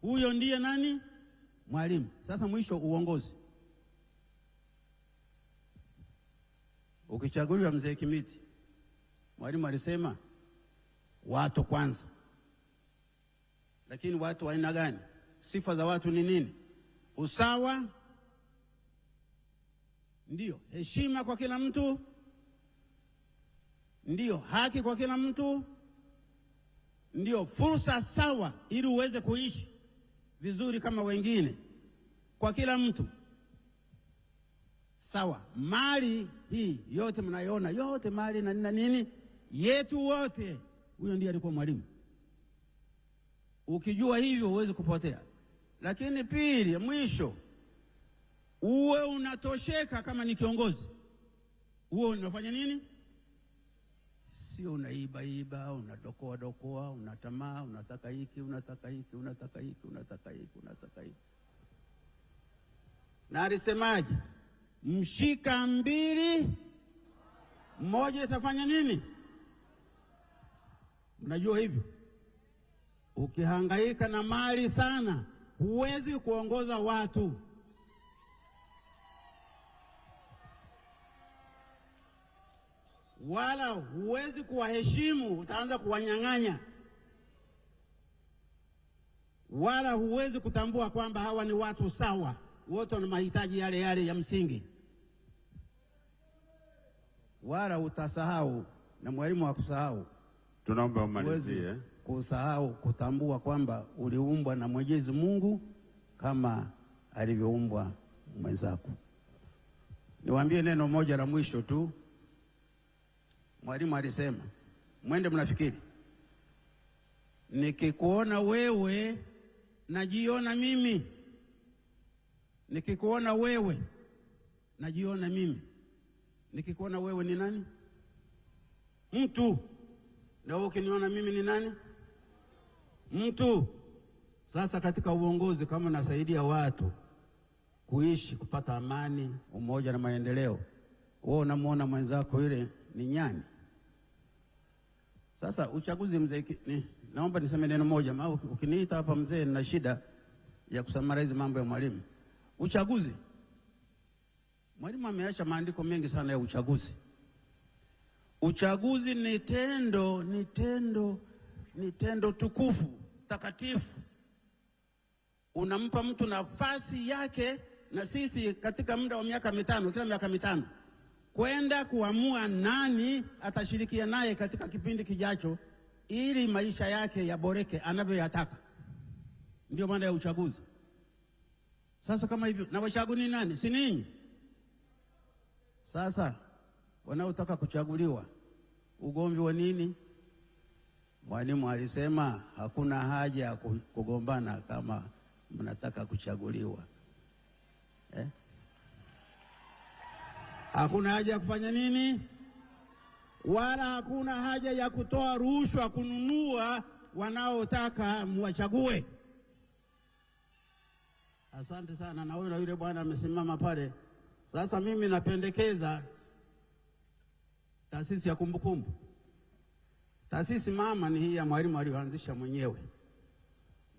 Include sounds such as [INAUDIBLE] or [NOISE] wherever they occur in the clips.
Huyo ndiye nani? Mwalimu. Sasa mwisho, uongozi. Ukichaguliwa mzee Kimiti, Mwalimu alisema watu kwanza. Lakini watu wa aina gani? Sifa za watu ni nini? Usawa, ndio heshima kwa kila mtu, ndio haki kwa kila mtu, ndio fursa sawa, ili uweze kuishi vizuri kama wengine, kwa kila mtu sawa. Mali hii yote mnayoona yote, mali na nini nini, yetu wote. Huyo ndiye alikuwa mwalimu. Ukijua hivyo huwezi kupotea. Lakini pili, mwisho, uwe unatosheka kama ni kiongozi, uwe unafanya nini sio unaibaiba, unadokoa dokoa, unatamaa, unataka hiki, unataka hiki, unataka hiki, unataka hiki, unataka hiki. Na alisemaje? Mshika mbili, mmoja itafanya nini? Mnajua hivyo, ukihangaika na mali sana, huwezi kuongoza watu. wala huwezi kuwaheshimu, utaanza kuwanyang'anya, wala huwezi kutambua kwamba hawa ni watu sawa, wote wana mahitaji yale yale ya msingi, wala utasahau na mwalimu wa kusahau. Tunaomba umalizie kusahau kutambua kwamba uliumbwa na Mwenyezi Mungu kama alivyoumbwa mwenzako. Niwaambie neno moja la mwisho tu. Mwalimu alisema mwende mnafikiri, nikikuona wewe najiona mimi, nikikuona wewe najiona mimi. Nikikuona wewe ni nani? Mtu. Na wewe ukiniona mimi ni nani? Mtu. Sasa katika uongozi, kama nasaidia watu kuishi kupata amani, umoja na maendeleo, wewe unamwona mwenzako yule ni nyani sasa uchaguzi mzee, ni, naomba niseme neno moja, ma ukiniita hapa mzee na shida ya kusamarize mambo ya Mwalimu. Uchaguzi, Mwalimu ameacha maandiko mengi sana ya uchaguzi. Uchaguzi ni tendo, ni tendo, ni tendo tukufu takatifu, unampa mtu nafasi yake, na sisi katika muda wa miaka mitano, kila miaka mitano kwenda kuamua nani atashirikia naye katika kipindi kijacho, ili maisha yake yaboreke anavyoyataka. Ndio maana ya uchaguzi. Sasa kama hivyo, na wachaguni nani? Si ninyi? Sasa wanaotaka kuchaguliwa, ugomvi wa nini? Mwalimu alisema hakuna haja ya kugombana kama mnataka kuchaguliwa eh? Hakuna haja ya kufanya nini, wala hakuna haja ya kutoa rushwa kununua wanaotaka mwachague Asante sana. Na huyo yule bwana amesimama pale. Sasa mimi napendekeza taasisi ya kumbukumbu. Taasisi mama ni hii ya Mwalimu aliyoanzisha mwenyewe.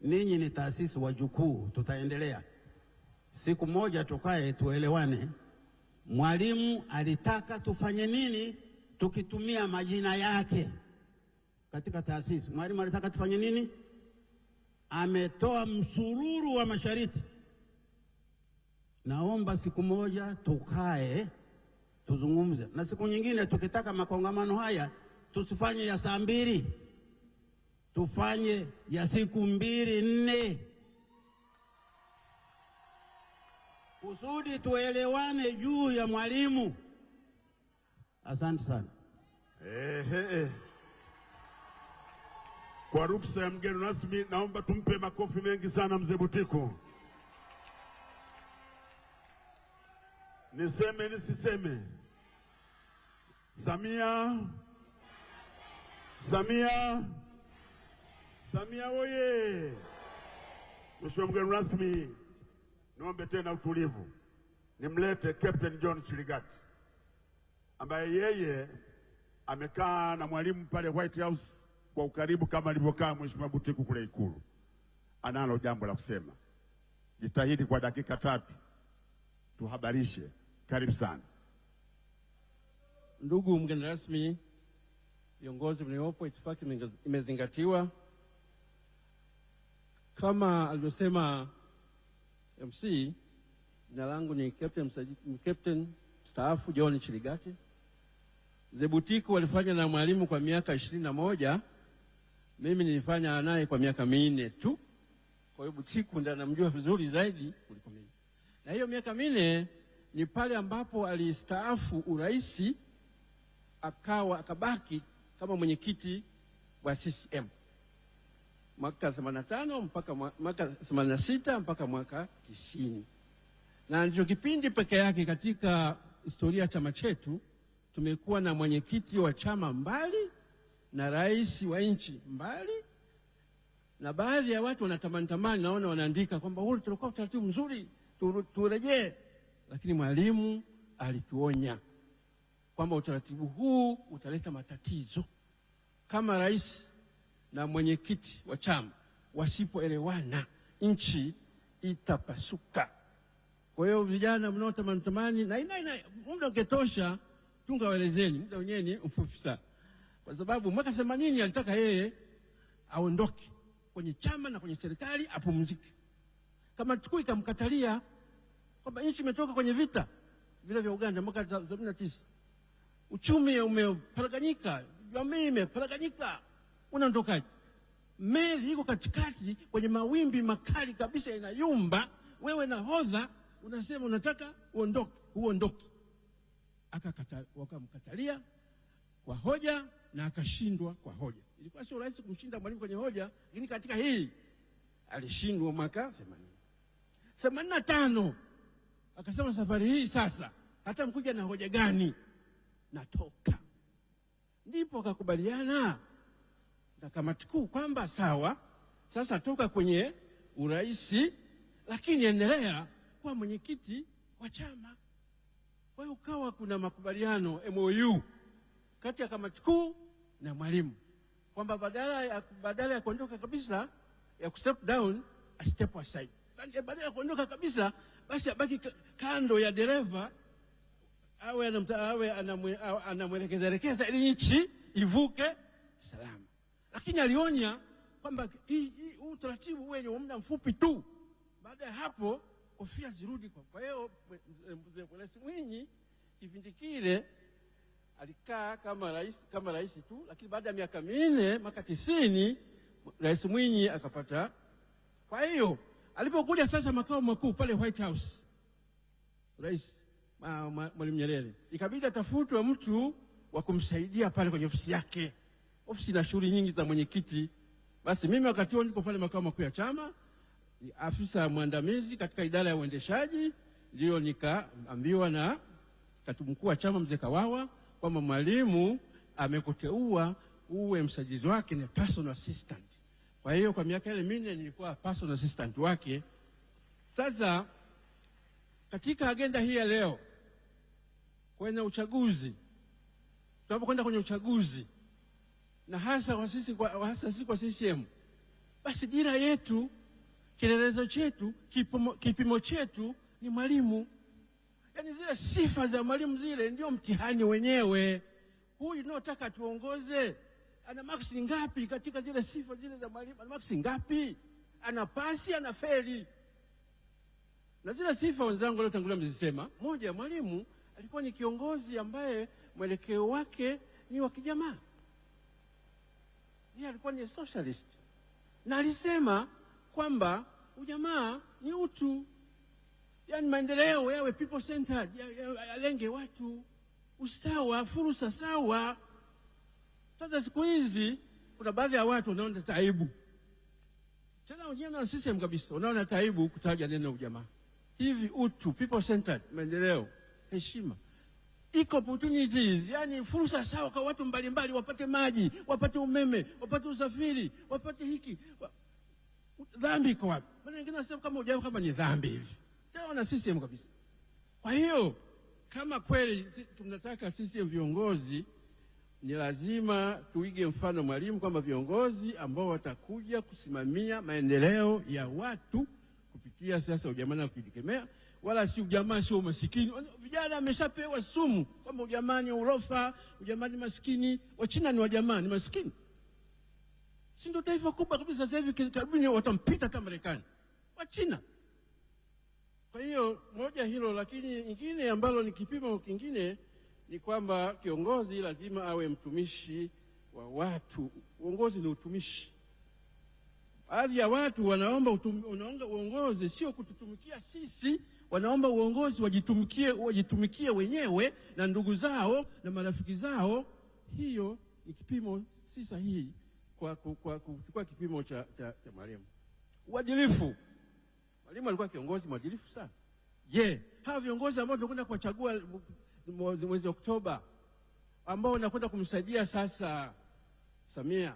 Ninyi ni taasisi wajukuu, tutaendelea. Siku moja tukae tuelewane mwalimu alitaka tufanye nini tukitumia majina yake katika taasisi. Mwalimu alitaka tufanye nini? Ametoa msururu wa masharti. Naomba siku moja tukae tuzungumze, na siku nyingine tukitaka makongamano haya tusifanye ya saa mbili, tufanye ya siku mbili nne. kusudi tuelewane juu ya mwalimu. Asante sana. Ehe, kwa ruksa ya mgeni rasmi, naomba tumpe makofi mengi sana mzee Butiko. Niseme nisiseme, Samia Samia Samia oye! Mheshimiwa mgeni rasmi niombe tena utulivu, nimlete Captain John Chirigati ambaye yeye amekaa na Mwalimu pale White House kwa ukaribu kama alivyokaa Mheshimiwa Butiku kule Ikulu. Analo jambo la kusema, jitahidi kwa dakika tatu tuhabarishe. Karibu sana ndugu mgeni rasmi, viongozi mliopo, itifaki imezingatiwa kama alivyosema MC. Jina langu ni Captain Captain mstaafu John Chiligati. butiku walifanya na mwalimu kwa miaka ishirini na moja. Mimi nilifanya naye kwa miaka minne tu. Kwa hiyo Butiku ndiye anamjua vizuri zaidi kuliko mimi. Na hiyo miaka minne ni pale ambapo alistaafu uraisi akawa akabaki kama mwenyekiti wa CCM mwaka 85 mpaka mwaka 86 mpaka mwaka tisini, na ndicho kipindi peke yake katika historia ya chama chetu tumekuwa na mwenyekiti wa chama mbali na rais wa nchi mbali, na baadhi ya watu wanatamani tamani, naona wanaandika kwamba ule tulikuwa utaratibu mzuri turejee, lakini Mwalimu alituonya kwamba utaratibu huu utaleta matatizo kama rais na mwenyekiti wa chama wasipoelewana, nchi itapasuka. Kwa hiyo vijana mnaotamani tamani, na ina ina muda ukitosha, tungawaelezeni, muda wenyewe ni mfupi sana, kwa sababu mwaka themanini alitaka yeye aondoke kwenye chama na kwenye serikali, apumzike. kama tukuu ikamkatalia kwamba nchi imetoka kwenye vita vile vya Uganda mwaka sabini na tisa, uchumi umeparaganyika, jamii imeparaganyika unaondokaje? Meli iko katikati kwenye mawimbi makali kabisa, inayumba. Wewe nahodha unasema unataka uondoke, huondoki. Akakata, wakamkatalia kwa hoja na akashindwa kwa hoja. Ilikuwa sio rahisi kumshinda Mwalimu kwenye hoja, lakini katika hii alishindwa mwaka na tano Akasema safari hii sasa, hata mkuja na hoja gani, natoka. Ndipo akakubaliana na kamati kuu kwamba sawa, sasa toka kwenye uraisi, lakini endelea kuwa mwenyekiti wa chama. Kwa hiyo ukawa kuna makubaliano MOU kati ya kamati kuu na Mwalimu kwamba badala ya, badala ya kuondoka kabisa ya kustep down a step aside, badala ya kuondoka kabisa basi abaki kando ya dereva awe anamwelekeza rekeza ili nchi ivuke salama lakini alionya kwamba huu utaratibu wenye muda mfupi tu, baada ya hapo kofia zirudi. Kwa hiyo Rais Mwinyi kipindi kile alikaa kama rais, kama rais tu, lakini baada ya miaka minne, mwaka tisini, Rais Mwinyi akapata. Kwa hiyo alipokuja sasa makao makuu pale White House, Rais Mwalimu Nyerere, ikabidi atafutwe mtu wa kumsaidia pale kwenye ofisi yake ofisi na shughuli nyingi za mwenyekiti. Basi mimi wakati huo niko pale makao makuu ya chama, afisa mwandamizi katika idara ya uendeshaji, ndiyo nikaambiwa na katibu mkuu wa chama mzee Kawawa kwamba mwalimu amekuteua uwe msajizi wake ni personal assistant. Kwa hiyo kwa miaka ile minne nilikuwa personal assistant wake. Sasa katika agenda hii ya leo kwenye uchaguzi, tunapokwenda kwenye uchaguzi na hasa kwa sisi, kwa, hasa sisi kwa CCM, basi dira yetu, kielelezo chetu, kipimo, kipimo chetu ni Mwalimu. Yaani zile sifa za Mwalimu zile ndio mtihani wenyewe. Huyu unaotaka tuongoze ana max ngapi katika zile sifa zile za Mwalimu? Ana max ngapi? Ana pasi, ana feli? Na zile sifa wenzangu waliotangulia mzisema, moja ya Mwalimu alikuwa ni kiongozi ambaye mwelekeo wake ni wa kijamaa yeye alikuwa ni socialist na alisema kwamba ujamaa ni utu, yaani maendeleo yawe people centered, yalenge watu, usawa, fursa sawa. Sasa siku hizi kuna baadhi ya watu wanaona taibu tena, wengine na system kabisa, wanaona taibu kutaja neno ujamaa. Hivi utu, people centered, maendeleo, heshima iko opportunities, yani fursa sawa kwa watu mbalimbali, wapate maji, wapate umeme, wapate usafiri, wapate hiki. Dhambi iko wapi? Maana wengine wanasema kama ujao kama ni dhambi hivi, tena na CCM kabisa. Kwa hiyo kama kweli tunataka CCM viongozi, ni lazima tuige mfano Mwalimu kwamba viongozi ambao watakuja kusimamia maendeleo ya watu kupitia siasa ujamaa na kujitegemea, wala si ujamaa, sio umasikini dada ameshapewa sumu kwamba ujamani urofa, ujamani maskini. Wachina ni wajamani maskini, si ndio taifa kubwa kabisa sasa hivi, karibuni watampita hata Marekani Wachina. Kwa hiyo moja hilo, lakini nyingine ambalo ni kipimo kingine ni kwamba kiongozi lazima awe mtumishi wa watu. Uongozi ni utumishi. Baadhi ya watu wanaomba uongozi sio kututumikia sisi wanaomba uongozi wajitumikie, wajitumikie wenyewe na ndugu zao na marafiki zao. Hiyo ni kipimo si sahihi kwa kuchukua kipimo cha, cha, cha marehemu. Uadilifu, Mwalimu alikuwa kiongozi mwadilifu sana. Je, hawa viongozi ambao tunakwenda kuwachagua mwezi Oktoba ambao nakwenda kumsaidia sasa Samia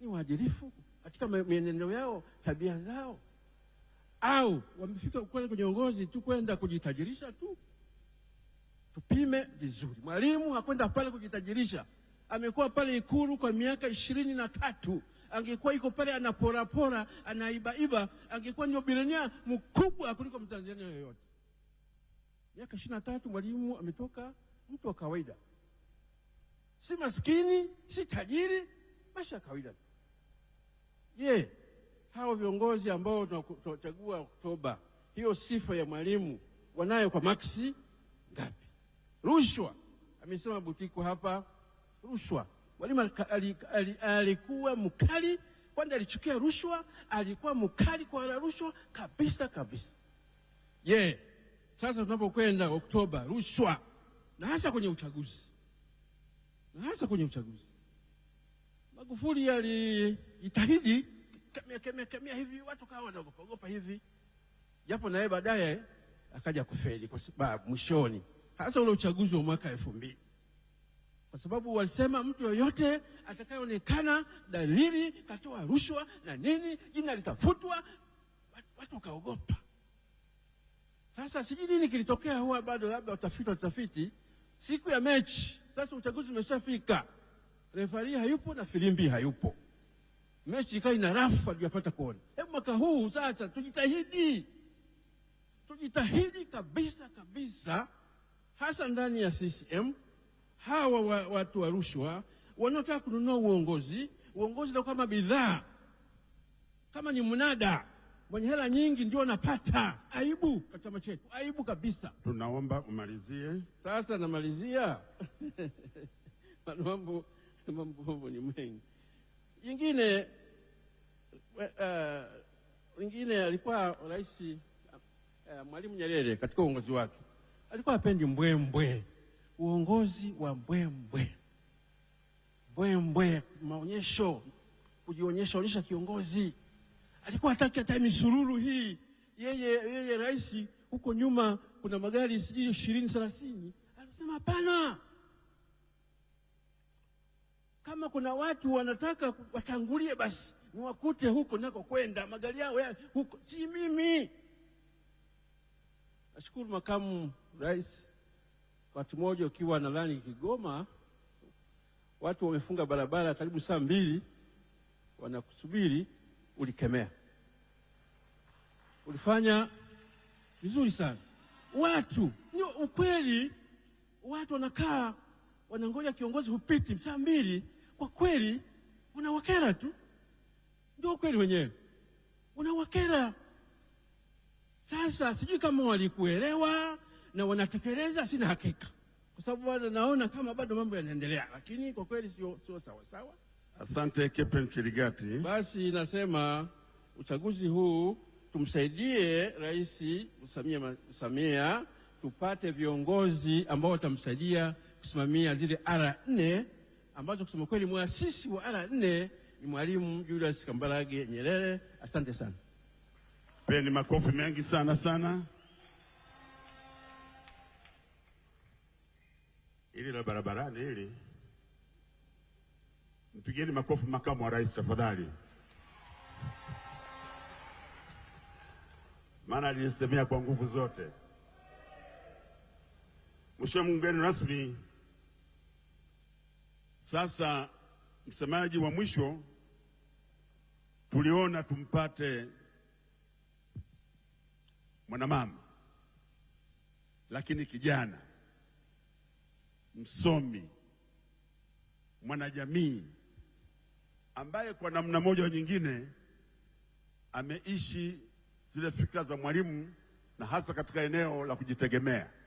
ni waadilifu katika mienendo yao, tabia zao? au wamefika kwenda kwenye uongozi tu kwenda kujitajirisha tu. Tupime vizuri. Mwalimu hakwenda pale kujitajirisha, amekuwa pale Ikulu kwa miaka ishirini na tatu. Angekuwa iko pale anaporapora, anaibaiba, angekuwa ndio bilionia mkubwa kuliko mtanzania yoyote. Miaka ishirini na tatu mwalimu ametoka mtu wa kawaida, si maskini, si tajiri, maisha ya kawaida. Je, yeah hao viongozi ambao tunachagua Oktoba, hiyo sifa ya Mwalimu wanayo kwa maksi ngapi? Rushwa amesema Butiku hapa, rushwa. Mwalimu alikuwa mkali kwanza, alichukia rushwa, alikuwa mkali kwa rushwa kabisa kabisa. Ye yeah. Sasa tunapokwenda Oktoba, rushwa na hasa kwenye uchaguzi, na hasa kwenye uchaguzi Magufuli alijitahidi kemia kemia kemia hivi, watu kawa wanaogopa hivi, japo naye baadaye akaja kufeli kwa sababu mwishoni, hasa ule uchaguzi wa mwaka elfu mbili kwa sababu walisema mtu yoyote atakayeonekana dalili katoa rushwa na nini, jina litafutwa. Watu wakaogopa. Sasa sijui nini kilitokea, huwa bado labda utafiti watafiti. Siku ya mechi sasa, uchaguzi umeshafika, refari hayupo na filimbi hayupo mechi ikawa ina rafu, aliyopata kuona. Hebu mwaka huu sasa tujitahidi, tujitahidi kabisa kabisa, hasa ndani ya CCM hawa wa, watu wa rushwa wanaotaka kununua uongozi, uongozi ndio kama bidhaa, kama ni mnada mwenye hela nyingi ndio anapata. Aibu kwa chama chetu, aibu kabisa. Tunaomba umalizie sasa. Namalizia [LAUGHS] mambo mambo ni mengi. Ingine eh, eh, ingine alikuwa rais uh, Mwalimu Nyerere katika uongozi wake alikuwa apendi mbwembwe, uongozi wa mbwembwe mbwembwe, maonyesho, kujionyesha onyesha kiongozi. Alikuwa hataki hata misururu hii. Yeye yeye rais huko nyuma kuna magari sijui ishirini thelathini, anasema hapana. Kama kuna watu wanataka watangulie, basi niwakute huko nako kwenda magari yao huko, si mimi. Nashukuru makamu rais, wakati mmoja ukiwa nadhani Kigoma, watu wamefunga barabara karibu saa mbili, wanakusubiri ulikemea, ulifanya vizuri sana. Watu ni ukweli, watu wanakaa wanangoja kiongozi hupiti saa mbili kwa kweli unawakera tu, ndio kweli wenyewe, unawakera. Sasa sijui kama walikuelewa na wanatekeleza, sina hakika, kwa sababu bado naona kama bado mambo yanaendelea, lakini kwa kweli sio sio sawa sawa. Asante Captain Chirigati. Basi nasema uchaguzi huu tumsaidie Rais Samia, Samia tupate viongozi ambao watamsaidia kusimamia zile ara nne ambazo kusema kweli mwasisi wa ara nne ni Mwalimu Julius Kambarage Nyerere. Asante sana, peni makofi mengi sana sana, ili la barabarani hili. Mpigeni makofi makamu wa rais tafadhali, maana alinisemea kwa nguvu zote. Mheshimiwa mgeni rasmi sasa msemaji wa mwisho tuliona tumpate mwanamama, lakini kijana msomi, mwanajamii ambaye kwa namna moja au nyingine ameishi zile fikra za Mwalimu na hasa katika eneo la kujitegemea.